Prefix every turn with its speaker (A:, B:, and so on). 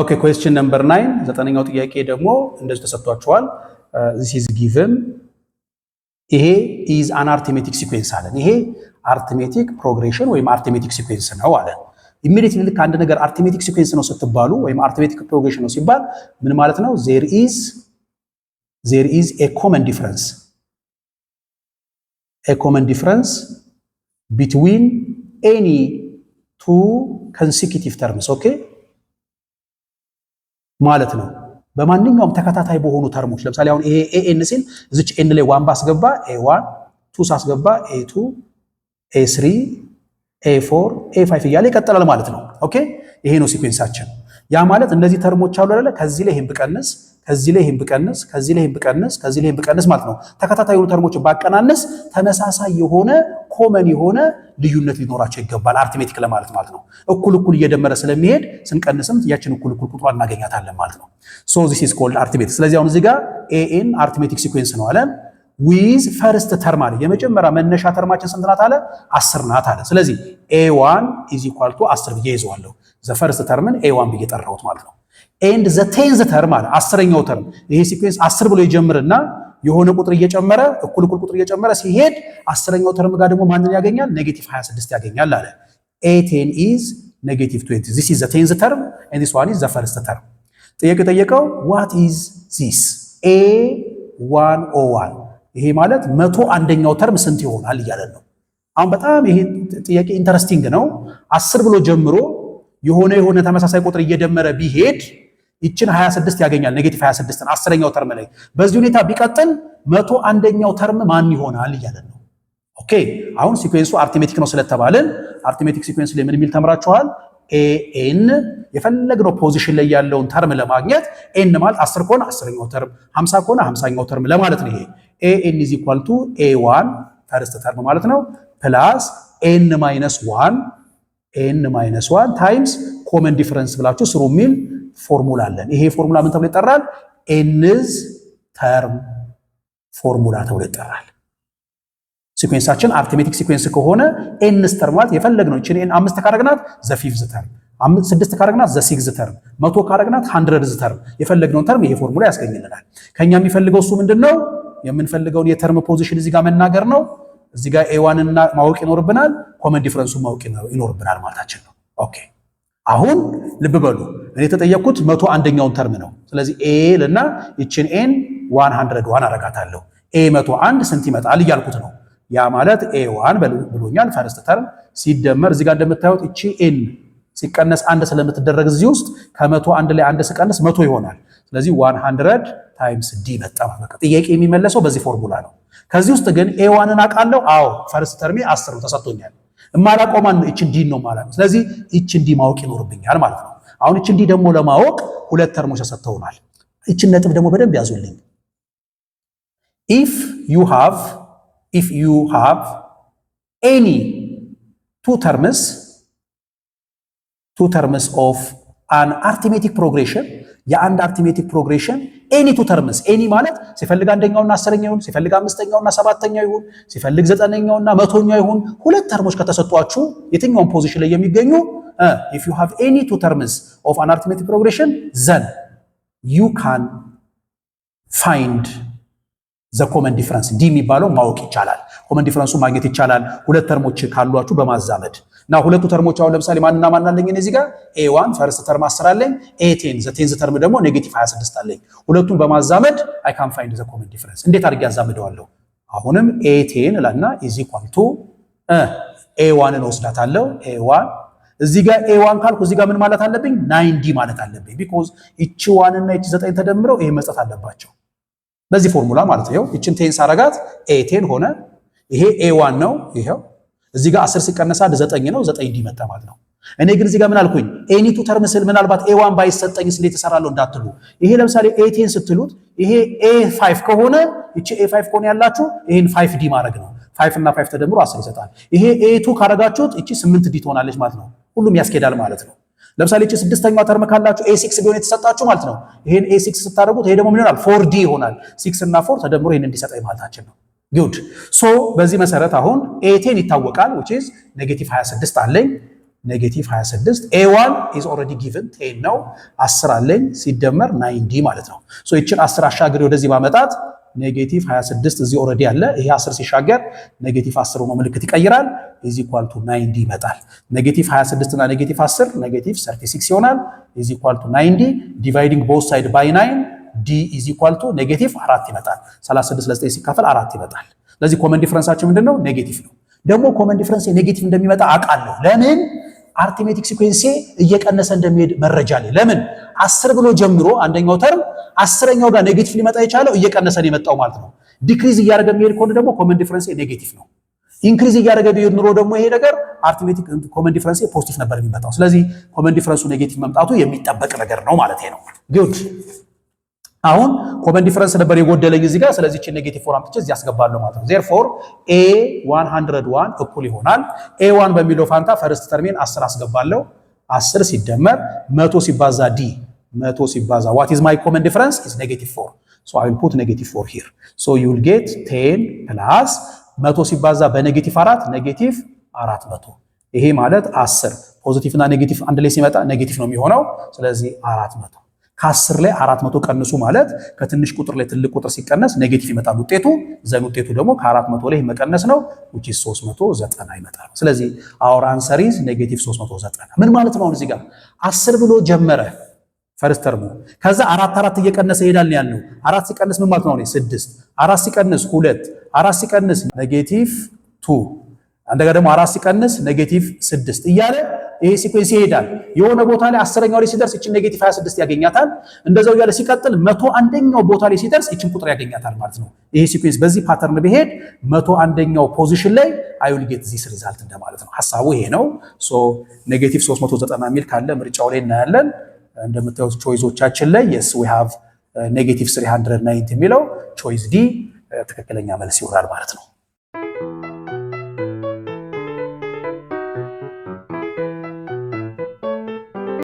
A: ኦኬ ኩዌስችን ነምበር ናይን ዘጠነኛው ጥያቄ ደግሞ እንደዚህ ተሰጥቷቸዋል። ዚስ ኢዝ ጊቭን ይሄ ኢዝ አን አርትሜቲክ ሲኩዌንስ አለን። ይሄ አርትሜቲክ ፕሮግሬሽን ወይም አርትሜቲክ ሲኩዌንስ ነው አለን። ኢሚዲየትሊ ልክ አንድ ነገር አርትሜቲክ ሲኩዌንስ ነው ስትባሉ ወይም አርትሜቲክ ፕሮግሬሽን ነው ሲባል ምን ማለት ነው? ዜር ኢዝ ዜር ኢዝ ኤ ኮመን ዲፍረንስ ኤ ኮመን ዲፍረንስ ቢትዊን ኤኒ ቱ ኮንሲኪቲቭ ተርምስ ኦኬ ማለት ነው። በማንኛውም ተከታታይ በሆኑ ተርሞች ለምሳሌ አሁን ይሄ ኤኤን ሲል እዚች ኤን ላይ ዋን ባስገባ ኤ ዋን ቱ ሳስገባ ኤ ቱ ኤ ስሪ ኤ ፎር ኤ ፋይፍ እያለ ይቀጥላል ማለት ነው። ኦኬ ይሄ ነው ሲኩዌንሳችን። ያ ማለት እነዚህ ተርሞች አሉ አይደለ? ከዚህ ላይ ይሄን ብቀንስ ከዚህ ላይ ይህን ብቀንስ ከዚህ ላይ ይህን ብቀንስ ከዚህ ላይ ይህን ብቀንስ ማለት ነው። ተከታታይ የሆኑ ተርሞችን ባቀናነስ ተመሳሳይ የሆነ ኮመን የሆነ ልዩነት ሊኖራቸው ይገባል። አርትሜቲክ ለማለት ማለት ነው። እኩል እኩል እየደመረ ስለሚሄድ ስንቀንስም ያችን እኩል እኩል ቁጥሯ እናገኛታለን ማለት ነው። ሶ ዚስ ኢዝ ኮልድ አርትሜቲክ። ስለዚህ አሁን እዚህ ጋር ኤኤን አርትሜቲክ ሲኩዌንስ ነው አለ ዊዝ ፈርስት ተርም አለ የመጀመሪያ መነሻ ተርማችን ስንት ናት አለ? አስር ናት አለ። ስለዚህ ኤ ኤዋን ኢዝ ኢኳል ቱ አስር ብዬ ይዘዋለሁ። ዘ ፈርስት ተርምን ኤ ኤዋን ብዬ ጠራሁት ማለት ነው። ኤንድ ዘ ቴንዝ ተርም አለ አስረኛው ተርም። ይሄ ሲኩዌንስ አስር ብሎ ይጀምርና የሆነ ቁጥር እየጨመረ እኩል እኩል ቁጥር እየጨመረ ሲሄድ አስረኛው ተርም ጋር ደግሞ ማንን ያገኛል? ኔጌቲቭ 26 ያገኛል አለ። ኤ ቴን ኢዝ ኔጌቲቭ 20 ዚስ ኢዝ ዘ ቴንዝ ተርም ኤንድ ዚስ ዋን ኢዝ ዘ ፈርስት ተርም። ጥያቄ ጠየቀው ዋት ኢዝ ዚስ ኤ ዋን ኦ ዋን ይሄ ማለት መቶ አንደኛው ተርም ስንት ይሆናል እያለን ነው። አሁን በጣም ይሄ ጥያቄ ኢንተረስቲንግ ነው። አስር ብሎ ጀምሮ የሆነ የሆነ ተመሳሳይ ቁጥር እየደመረ ቢሄድ ይችን 26 ያገኛል። ኔጌቲቭ 26 አስረኛው ተርም ላይ በዚህ ሁኔታ ቢቀጥል መቶ አንደኛው ተርም ማን ይሆናል እያለን ነው። ኦኬ አሁን ሲኩዌንሱ አርቲሜቲክ ነው ስለተባልን አርቲሜቲክ ሲኩዌንስ ላይ ምን የሚል ተምራችኋል? ኤኤን የፈለግነው ፖዚሽን ላይ ያለውን ተርም ለማግኘት ኤን ማለት 10 ከሆነ 10ኛው ተርም 50 ከሆነ 50ኛው ተርም ለማለት ነው። ይሄ ኤኤን ኢዝ ኢኳል ቱ ኤ1 ፈርስት ተርም ማለት ነው ፕላስ ኤን ማይነስ 1 ኤን ማይነስ ዋን ታይምስ ኮመን ዲፈረንስ ብላችሁ ስሩ የሚል ፎርሙላ አለን። ይሄ ፎርሙላ ምን ተብሎ ይጠራል? ኤንዝ ተርም ፎርሙላ ተብሎ ይጠራል። ሲኩዌንሳችን አርትሜቲክ ሲኩዌንስ ከሆነ ኤንስ ተርም ማለት የፈለግነው እችን ኤን አምስት ካረግናት ዘ ተርም ስድስት ካረግናት ዘ ተርም መቶ ካረግናት ሃንድረድዝ ተርም የፈለግነውን ተርም ይሄ ፎርሙላ ያስገኝልናል። ከኛ የሚፈልገው እሱ ምንድን ነው? የምንፈልገውን የተርም ፖዚሽን እዚህ ጋር መናገር ነው። እዚህ ጋር ኤዋንን ማወቅ ይኖርብናል፣ ኮመን ዲፈረንሱ ማወቅ ይኖርብናል ማለታችን ነው። ኦኬ አሁን ልብ በሉ እኔ የተጠየቅኩት መቶ አንደኛውን ተርም ነው። ስለዚህ ኤ ልና ይችን ኤን ዋን ሀንድረድ ዋን አረጋታለሁ። ኤ መቶ አንድ ስንት ይመጣል እያልኩት ነው። ያ ማለት ኤ ዋን ብሎኛል። ፈርስት ተርም ሲደመር እዚጋ እንደምታዩት እቺ ኤን ሲቀነስ አንድ ስለምትደረግ እዚህ ውስጥ ከመቶ አንድ ላይ አንድ ሲቀነስ መቶ ይሆናል። ስለዚህ ዋን ሀንድረድ ታይምስ ዲ መጣ። ጥያቄ የሚመለሰው በዚህ ፎርሙላ ነው። ከዚህ ውስጥ ግን ኤዋንን አውቃለሁ። አዎ ፈርስት ተርሜ አስር ነው ተሰጥቶኛል። እማላውቀው ማን ነው? እችን ዲ ነው ማለት። ስለዚህ እችን ዲ ማወቅ ይኖርብኛል ማለት ነው። አሁን እችን ዲ ደግሞ ለማወቅ ሁለት ተርሞች ተሰጥተውናል። እችን ነጥብ ደግሞ በደንብ ያዙልኝ። ኢፍ ዩ ሃቭ ኢፍ ዩ ሃቭ ኤኒ ቱ ተርምስ ቱ ተርምስ ኦፍ አን አርትሜቲክ ፕሮግሬሽን የአንድ አርትሜቲክ ፕሮግሬሽን ኤኒ ቱ ተርምስ ኤኒ ማለት ሲፈልግ አንደኛውና አስረኛ ይሁን፣ ሲፈልግ አምስተኛውና ሰባተኛ ይሁን፣ ሲፈልግ ዘጠነኛውና መቶኛ ይሁን፣ ሁለት ተርሞች ከተሰጧችሁ የትኛውን ፖዚሽን ላይ የሚገኙ ኢፍ ዩ ሃቭ ኤኒ ቱ ተርምስ ኦፍ አን አሪትሜቲክ ፕሮግሬሽን ዘን ዩ ካን ፋይንድ ዘ ኮመን ዲፍረንስ ዲ የሚባለው ማወቅ ይቻላል። ኮመን ዲፍረንሱ ማግኘት ይቻላል። ሁለት ተርሞች ካሏችሁ በማዛመድ እና ሁለቱ ተርሞች አሁን ለምሳሌ ማንና ማን አለኝ? እዚህ ጋር ኤ ዋን ፈርስት ተርም አስራለኝ ኤ ቴን ዘ ቴንዝ ተርም ደግሞ ኔጌቲቭ 26 አለኝ። ሁለቱን በማዛመድ አይ ካን ፋይንድ ዘ ኮመን ዲፍረንስ። እንዴት አድርጌ ያዛምደዋለሁ? አሁንም ኤ ቴን ላና ኢዚ ኳልቱ ኤ ዋንን ወስዳታለሁ። ኤ ዋን እዚህ ጋር ኤ ዋን ካልኩ እዚህ ጋር ምን ማለት አለብኝ? ናይንዲ ማለት አለብኝ። ቢኮዝ ይቺ ዋንና ይቺ ዘጠኝ ተደምረው ይሄ መስጠት አለባቸው በዚህ ፎርሙላ ማለት ነው። ይችን ቴን ሳረጋት ኤቴን ቴን ሆነ። ይሄ ኤዋን ዋን ነው። ይሄው እዚህ ጋር አስር ሲቀነስ አንድ ዘጠኝ ነው። ዘጠኝ መጣ ማለት ነው። እኔ ግን እዚህ ጋር ምን አልኩኝ? ኤኒቱ ተርም ስል ምናልባት ኤ ዋን ባይሰጠኝስ እንዴት እሰራለሁ እንዳትሉ። ይሄ ለምሳሌ ኤቴን ቴን ስትሉት ይሄ ኤ ፋይቭ ከሆነ ይቺ ኤ ፋይቭ ከሆነ ያላችሁ ይሄን ፋይቭ ዲ ማድረግ ነው። ፋይቭ እና ፋይቭ ተደምሮ አስር ይሰጣል። ይሄ ኤቱ ቱ ካረጋችሁት ይቺ ስምንት ዲ ትሆናለች ማለት ነው። ሁሉም ያስኬዳል ማለት ነው። ለምሳሌ እቺ ስድስተኛዋ ተርም ካላችሁ ኤ ሲክስ ቢሆን የተሰጣችሁ ማለት ነው። ይሄን ኤ ሲክስ ስታደርጉት ይሄ ደግሞ ምን ይሆናል? ፎር ዲ ይሆናል። ሲክስ እና ፎር ተደምሮ ይሄን እንዲሰጠኝ ማለታችን ነው። ጉድ ሶ በዚህ መሰረት አሁን ኤቴን ይታወቃል። which is ኔጌቲቭ 26 አለኝ። ኔጌቲቭ 26 ኤ ዋን ኢዝ ኦልሬዲ ጊቭን ቴን ነው። 10 አለኝ ሲደመር ናይንቲ ማለት ነው። ሶ እቺን 10 አሻግሬ ወደዚህ ባመጣት ኔጌቲቭ 26 እዚህ ኦልሬዲ አለ። ይሄ 10 ሲሻገር ኔጌቲቭ 10 ሆኖ ምልክት ይቀይራል። ኢዝ ኢኳል ቱ 90 ይመጣል። ኔጌቲቭ 26 እና ኔጌቲቭ 10 ኔጌቲቭ 36 ይሆናል። ኢዝ ኢኳል ቱ 90 ዲቫይዲንግ ቦዝ ሳይድ ባይ 9 ዲ ኢዝ ኢኳል ቱ ኔጌቲቭ 4 ይመጣል። 36 ለ9 ሲካፈል 4 ይመጣል። ስለዚህ ኮመን ዲፍረንሳችን ምንድነው? ኔጌቲቭ ነው። ደግሞ ኮመን ዲፍረንስ ኔጌቲቭ እንደሚመጣ አውቃለሁ። ለምን አርትሜቲክ ሲኩዌንሴ እየቀነሰ እንደሚሄድ መረጃ አለ። ለምን አስር ብሎ ጀምሮ አንደኛው ተርም አስረኛው ጋር ኔጌቲቭ ሊመጣ የቻለው እየቀነሰ ነው የመጣው ማለት ነው። ዲክሪዝ እያደረገ የሚሄድ ከሆነ ደግሞ ኮመን ዲፍረንስ ኔጌቲቭ ነው። ኢንክሪዝ እያደረገ ቢሄድ ኑሮ ደግሞ ይሄ ነገር አርትሜቲክ ኮመን ዲፍረንስ ፖዚቲቭ ነበር የሚመጣው። ስለዚህ ኮመን ዲፍረንሱ ኔጌቲቭ መምጣቱ የሚጠበቅ ነገር ነው ማለት ነው። ጉድ አሁን ኮመን ዲፍረንስ ነበር የጎደለኝ እዚህ ጋር። ስለዚህ እቺ ኔጌቲቭ ፎር አምጥቼ እዚህ አስገባለሁ ማለት ነው። ዜርፎር ኤ 101 እኩል ይሆናል ኤ 1 በሚለው ፋንታ ፈርስት ተርሜን 10 አስገባለሁ። 10 ሲደመር 100 ሲባዛ ዲ መቶ ሲባዛ ዋት ኢዝ ማይ ኮመን ዲፍረንስ ኢዝ ኔጌቲቭ ፎር ሶ አይ ዊል ፑት ኔጌቲቭ ፎር ሂር ሶ ዩ ዊል ጌት ቴን ፕላስ መቶ ሲባዛ በኔጌቲቭ አራት ኔጌቲቭ አራት መቶ ይሄ ማለት አስር ፖዚቲቭ እና ኔጌቲቭ አንድ ላይ ሲመጣ ኔጌቲቭ ነው የሚሆነው። ስለዚህ አራት መቶ ከአስር ላይ አራት መቶ ቀንሱ ማለት ከትንሽ ቁጥር ላይ ትልቅ ቁጥር ሲቀነስ ኔጌቲቭ ይመጣል ውጤቱ። ዘን ውጤቱ ደግሞ ከአራት መቶ ላይ መቀነስ ነው which is 390 ይመጣል። ስለዚህ our answer is ኔጌቲቭ 390 ምን ማለት ነው? አሁን እዚህ ጋር አስር ብሎ ጀመረ ፈርስ ተርሙ ከዛ አራት አራት እየቀነሰ ይሄዳል ያልነው። አራት ሲቀንስ ምን ማለት ነው? ስድስት አራት ሲቀንስ ሁለት አራት ሲቀንስ ኔጌቲቭ ቱ እንደገና ደግሞ አራት ሲቀንስ ኔጌቲቭ ስድስት እያለ ይሄ ሲኩዌንስ ይሄዳል። የሆነ ቦታ ላይ አስረኛው ላይ ሲደርስ እችን ኔጌቲቭ 26 ያገኛታል። እንደዛው እያለ ሲቀጥል መቶ አንደኛው ቦታ ላይ ሲደርስ እችን ቁጥር ያገኛታል ማለት ነው። ይሄ ሲኩዌንስ በዚህ ፓተርን ቢሄድ መቶ አንደኛው ፖዚሽን ላይ አይ ዊል ጌት ዚስ ሪዛልት እንደማለት ነው። ሐሳቡ ይሄ ነው። ሶ ኔጌቲቭ 390 የሚል ካለ ምርጫው ላይ እናያለን። እንደምታዩት ቾይሶቻችን ላይ የስ ዊ ሃቭ ኔጌቲቭ 390 የሚለው ቾይስ ዲ uh, ትክክለኛ መልስ ይሆናል ማለት ነው።